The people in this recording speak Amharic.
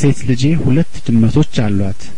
ሴት ልጄ ሁለት ድመቶች አሏት